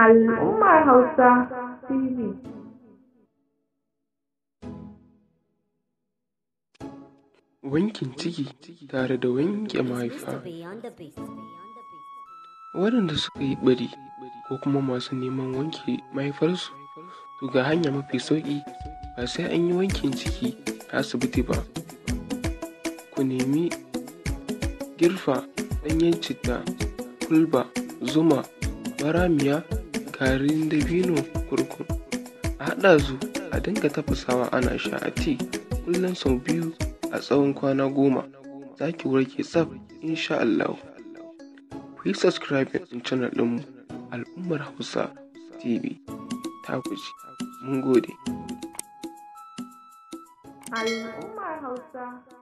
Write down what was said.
Al'ummar Hausa TV. Wankin ciki tare da wanke mahaifa. Waɗanda suka yi ɓari ko kuma masu neman wanke mahaifarsu su ga hanya mafi sauƙi ba sai an yi wankin ciki a asibiti ba. Ku nemi girfa ɗanyen citta, kulba, zuma, baramiya garin dabino kurkur a haɗa su a dinga tafasawa ana sha a ti kullum sau biyu a tsawon kwana goma za ki warke tsaf insha Allah ku yi subscribe in channel ɗinmu al'ummar hausa tv ta kuci mun gode al'ummar hausa